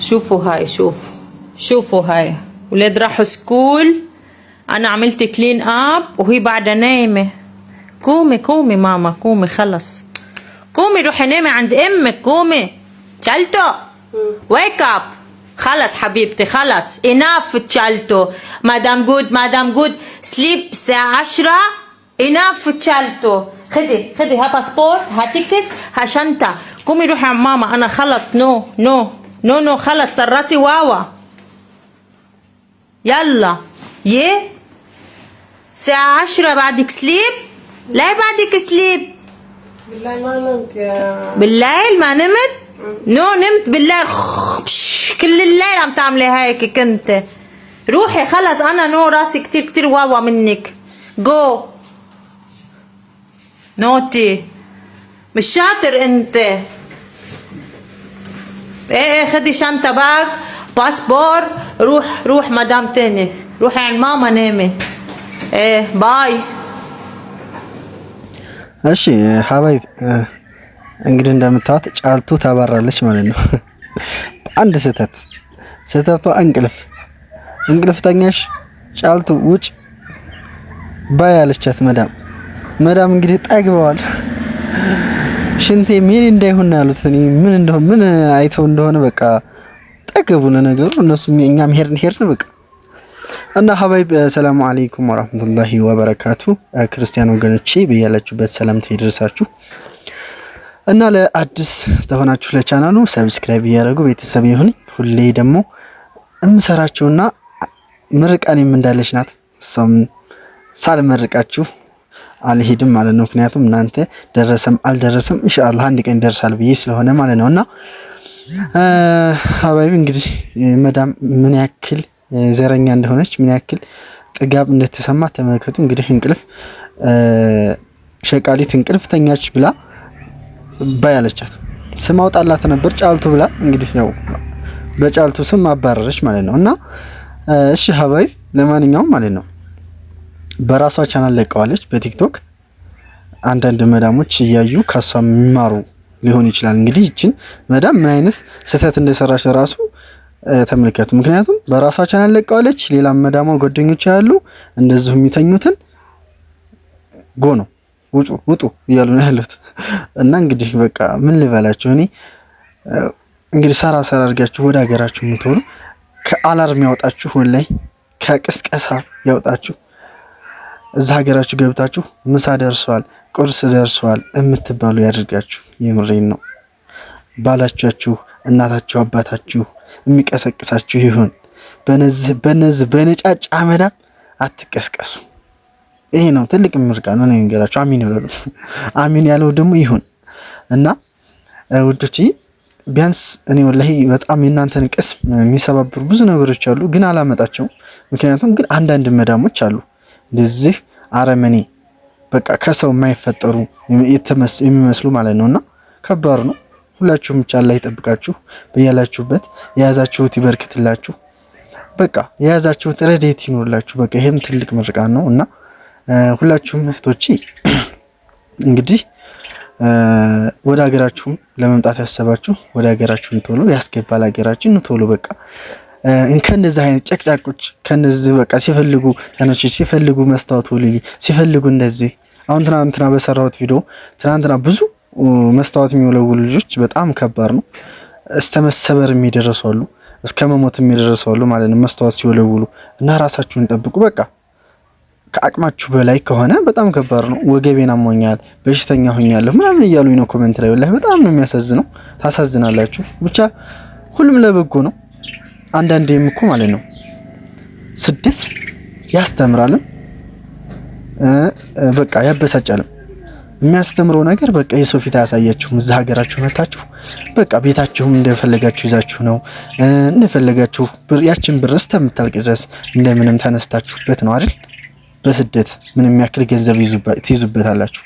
شوفوا هاي شوفوا شوفوا هاي ولاد راحوا سكول انا عملت كلين اب وهي بعدها نايمه قومي قومي ماما قومي خلص قومي روحي نامي عند امك قومي تشالتو ويك اب خلص حبيبتي خلص اناف تشالتو مادام جود مادام جود سليب الساعه 10 اناف تشالتو خدي خدي ها باسبور ها تيكت ها شنطه قومي روحي عند ماما انا خلص نو no, نو no. نو نو خلص صرصي واوا يلا يي ساعة عشرة بعدك سليب لا بعدك سليب بالله ما نمت يا بالليل ما نمت نو نمت بالليل كل الليل عم تعملي هيك كنت روحي خلص انا نو راسي كتير كتير واوا منك جو نوتي مش شاطر انت ايه خدي شنطة باك باسبور روح روح مدام تاني روح عند ماما نامي ايه باي እሺ ሀባይብ እንግዲህ እንደምታዩት ጫልቱ ታባራለች ማለት ነው። አንድ ስህተት ስህተቷ እንቅልፍ እንቅልፍ ተኛሽ ጫልቱ ውጭ ባያለቻት መዳም መዳም እንግዲህ ጠግበዋል። ሽንቴ ምን እንዳይሆን ያሉት እኔ ምን እንደሆነ ምን አይተው እንደሆነ በቃ ጠገቡን ነገሩ። እነሱም እኛም ሄድን ሄድን በቃ እና ሀባይ ሰላሙ አለይኩም ወራህመቱላሂ ወበረካቱ። ክርስቲያን ወገኖቼ በያላችሁበት ሰላምታ ይደርሳችሁ። እና ለአዲስ ተሆናችሁ ለቻናሉ ሰብስክራይብ እያደረጉ ቤተሰብ ይሁን። ሁሌ ደግሞ እምሰራችሁና ምርቃኔም እንዳለች ናት እሷም ሳልመርቃችሁ አልሄድም ማለት ነው። ምክንያቱም እናንተ ደረሰም አልደረሰም ኢንሻአላህ አንድ ቀን ይደርሳል ብዬ ስለሆነ ማለት ነው እና ሀባይብ እንግዲህ መዳም ምን ያክል ዘረኛ እንደሆነች ምን ያክል ጥጋብ እንደተሰማ ተመለከቱ። እንግዲህ እንቅልፍ ሸቃሊት እንቅልፍ ተኛች ብላ ባያለቻት ስም አውጣላት ነበር ጫልቱ ብላ እንግዲህ ያው በጫልቱ ስም አባረረች ማለት ነው እና እሺ ሀባይብ ለማንኛውም ማለት ነው በራሷ ቻናል ለቀዋለች በቲክቶክ አንዳንድ መዳሞች እያዩ ከሷ የሚማሩ ሊሆን ይችላል። እንግዲህ ይችን መዳም ምን አይነት ስህተት እንደሰራች ራሱ ተመልከቱ። ምክንያቱም በራሷ ቻናል ለቀዋለች። ሌላ መዳሟ ጓደኞች ያሉ እንደዚሁ የሚተኙትን ጎ ነው ውጡ ውጡ እያሉ ነው ያሉት። እና እንግዲህ በቃ ምን ልበላችሁ እኔ እንግዲህ ሰራ ሰራ አድርጋችሁ ወደ ሀገራችሁ የምትሆኑ ከአላርም ያውጣችሁ፣ ላይ ከቅስቀሳ ያውጣችሁ። እዛ ሀገራችሁ ገብታችሁ ምሳ ደርሰዋል፣ ቁርስ ደርሰዋል የምትባሉ ያድርጋችሁ። የምሬን ነው። ባላቻችሁ፣ እናታችሁ፣ አባታችሁ የሚቀሰቅሳችሁ ይሁን። በነዚህ በነዚህ በነጫጭ አመዳም አትቀስቀሱ። ይሄ ነው ትልቅ ምርቃ ነው ነገራችሁ። አሚን ይበሉ። አሚን ያለው ደግሞ ይሁን እና ውዶቼ ቢያንስ እኔ ወላሂ በጣም የእናንተን ቅስም የሚሰባብሩ ብዙ ነገሮች አሉ፣ ግን አላመጣቸውም። ምክንያቱም ግን አንዳንድ መዳሞች አሉ እንደዚህ አረመኔ በቃ ከሰው የማይፈጠሩ የሚመስሉ ማለት ነው። እና ከባድ ነው። ሁላችሁም ብቻ አላህ ይጠብቃችሁ። በያላችሁበት የያዛችሁት ይበርክትላችሁ። በቃ የያዛችሁት ረድኤት ይኖርላችሁ በቃ ይህም ትልቅ ምርቃት ነው እና ሁላችሁም እህቶቼ እንግዲህ ወደ ሀገራችሁም ለመምጣት ያሰባችሁ ወደ ሀገራችሁን ቶሎ ያስገባል። ሀገራችን ቶሎ በቃ ከእነዚህ አይነት ጨቅጫቆች ከነዚህ በቃ ሲፈልጉ ተነች ሲፈልጉ መስታወት ውልይ ሲፈልጉ እንደዚህ አሁን ትናንትና በሰራሁት ቪዲዮ ትናንትና ብዙ መስታወት የሚወለውሉ ልጆች በጣም ከባድ ነው። እስከ መሰበር የሚደረሱ አሉ፣ እስከ መሞት የሚደረሱ አሉ ማለት ነው መስታወት ሲወለውሉ። እና ራሳችሁን ጠብቁ። በቃ ከአቅማችሁ በላይ ከሆነ በጣም ከባድ ነው። ወገቤን አሞኛል፣ በሽተኛ ሆኛለሁ ምናምን እያሉኝ ነው ኮመንት ላይ። በጣም ነው የሚያሳዝነው። ታሳዝናላችሁ። ብቻ ሁሉም ለበጎ ነው። አንዳንዴም እኮ ማለት ነው ስደት ያስተምራልም በቃ ያበሳጫልም። የሚያስተምረው ነገር በቃ የሰው ፊት አያሳያችሁም። እዛ ሀገራችሁ መታችሁ በቃ ቤታችሁም እንደፈለጋችሁ ይዛችሁ ነው እንደፈለጋችሁ ያችን ብር እስከምታልቅ ድረስ እንደምንም ተነስታችሁበት ነው አይደል? በስደት ምን የሚያክል ገንዘብ ትይዙበታላችሁ።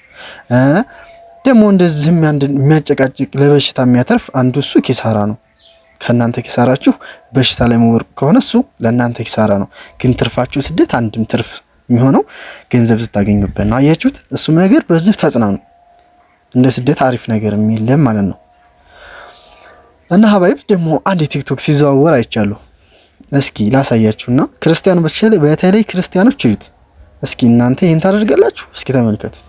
ደግሞ እንደዚህም የሚያጨቃጭቅ ለበሽታ የሚያተርፍ አንዱ እሱ ኪሳራ ነው። ከእናንተ ኪሳራችሁ በሽታ ላይ መወርቅ ከሆነ እሱ ለእናንተ ኪሳራ ነው። ግን ትርፋችሁ ስደት አንድም ትርፍ የሚሆነው ገንዘብ ስታገኙበት ነው። አያችሁት? እሱም ነገር በዚህ ተጽናኑ። እንደ ስደት አሪፍ ነገር የሚለም ማለት ነው። እና ሀባይብ ደግሞ አንድ የቲክቶክ ሲዘዋወር አይቻሉ። እስኪ ላሳያችሁና ክርስቲያኑ በተለይ ክርስቲያኖች እዩት እስኪ። እናንተ ይህን ታደርጋላችሁ? እስኪ ተመልከቱት።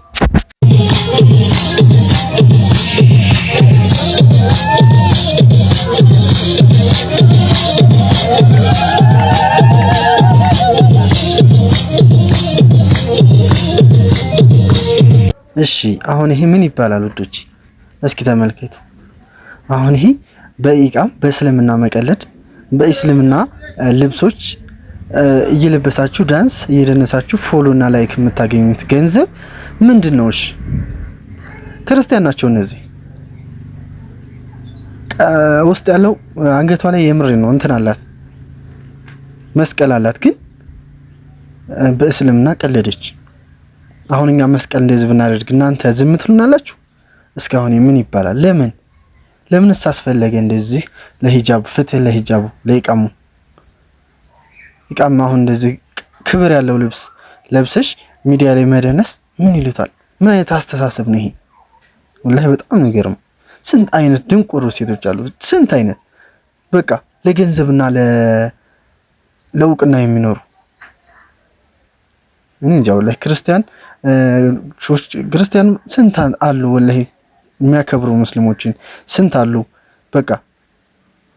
እሺ አሁን ይሄ ምን ይባላል ውዶች? እስኪ ተመልከቱ። አሁን ይሄ በኢቃም በእስልምና መቀለድ በእስልምና ልብሶች እየለበሳችሁ ዳንስ እየደነሳችሁ ፎሎ እና ላይክ የምታገኙት ገንዘብ ምንድን ነው? እሺ ክርስቲያን ናቸው እነዚህ። ውስጥ ያለው አንገቷ ላይ የምሬ ነው እንትን አላት መስቀል አላት፣ ግን በእስልምና ቀለደች። አሁን እኛ መስቀል እንደዚህ ብናደርግ እናንተ ዝም ትሉናላችሁ? እስካሁን ምን ይባላል? ለምን ለምንስ አስፈለገ እንደዚህ? ለሂጃብ ፍትህ ለሂጃቡ ለኢቃሙ ኢቃማ አሁን እንደዚህ ክብር ያለው ልብስ ለብሰሽ ሚዲያ ላይ መደነስ ምን ይሉታል? ምን አይነት አስተሳሰብ ነው ይሄ? ወላሂ በጣም የሚገርም ስንት አይነት ድንቁሩ ሴቶች አሉ። ስንት አይነት በቃ ለገንዘብና ለእውቅና የሚኖሩ እንጃው ላይ ክርስቲያን ክርስቲያን ስንት አሉ ወላሂ የሚያከብሩ ሙስሊሞችን ስንት አሉ። በቃ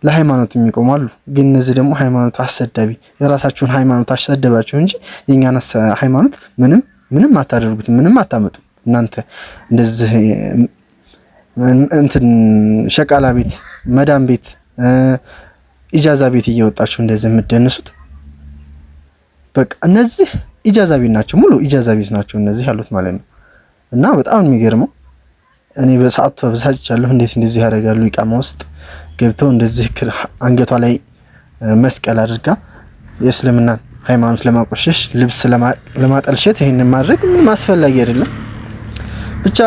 ለሃይማኖት የሚቆሙ አሉ። ግን እነዚህ ደግሞ ሃይማኖት አሰዳቢ፣ የራሳችሁን ሃይማኖት አሰደባችሁ እንጂ የእኛን ሃይማኖት ምንም ምንም አታደርጉትም፣ ምንም አታመጡም። እናንተ እንደዚህ እንትን ሸቃላ ቤት፣ መዳም ቤት፣ ኢጃዛ ቤት እየወጣችሁ እንደዚህ የምትደንሱት በቃ እነዚህ ኢጃዛቢ ናቸው፣ ሙሉ ኢጃዛቢት ናቸው እነዚህ ያሉት ማለት ነው። እና በጣም የሚገርመው እኔ በሰዓቱ ተበሳጭቻለሁ። እንዴት እንደዚህ ያደርጋሉ? ኢቃማ ውስጥ ገብተው እንደዚህ አንገቷ ላይ መስቀል አድርጋ የእስልምናን ሃይማኖት ለማቆሸሽ ልብስ ለማጠልሸት ይህንን ማድረግ ምንም አስፈላጊ አይደለም። ብቻ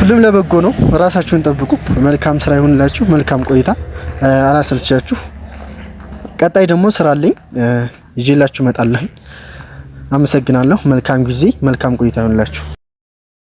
ሁሉም ለበጎ ነው። ራሳችሁን ጠብቁ። መልካም ስራ ይሆንላችሁ። መልካም ቆይታ። አላሰልቻችሁ። ቀጣይ ደግሞ ስራ አለኝ። ይዤላችሁ እመጣለሁ። አመሰግናለሁ። መልካም ጊዜ፣ መልካም ቆይታ ይሁንላችሁ።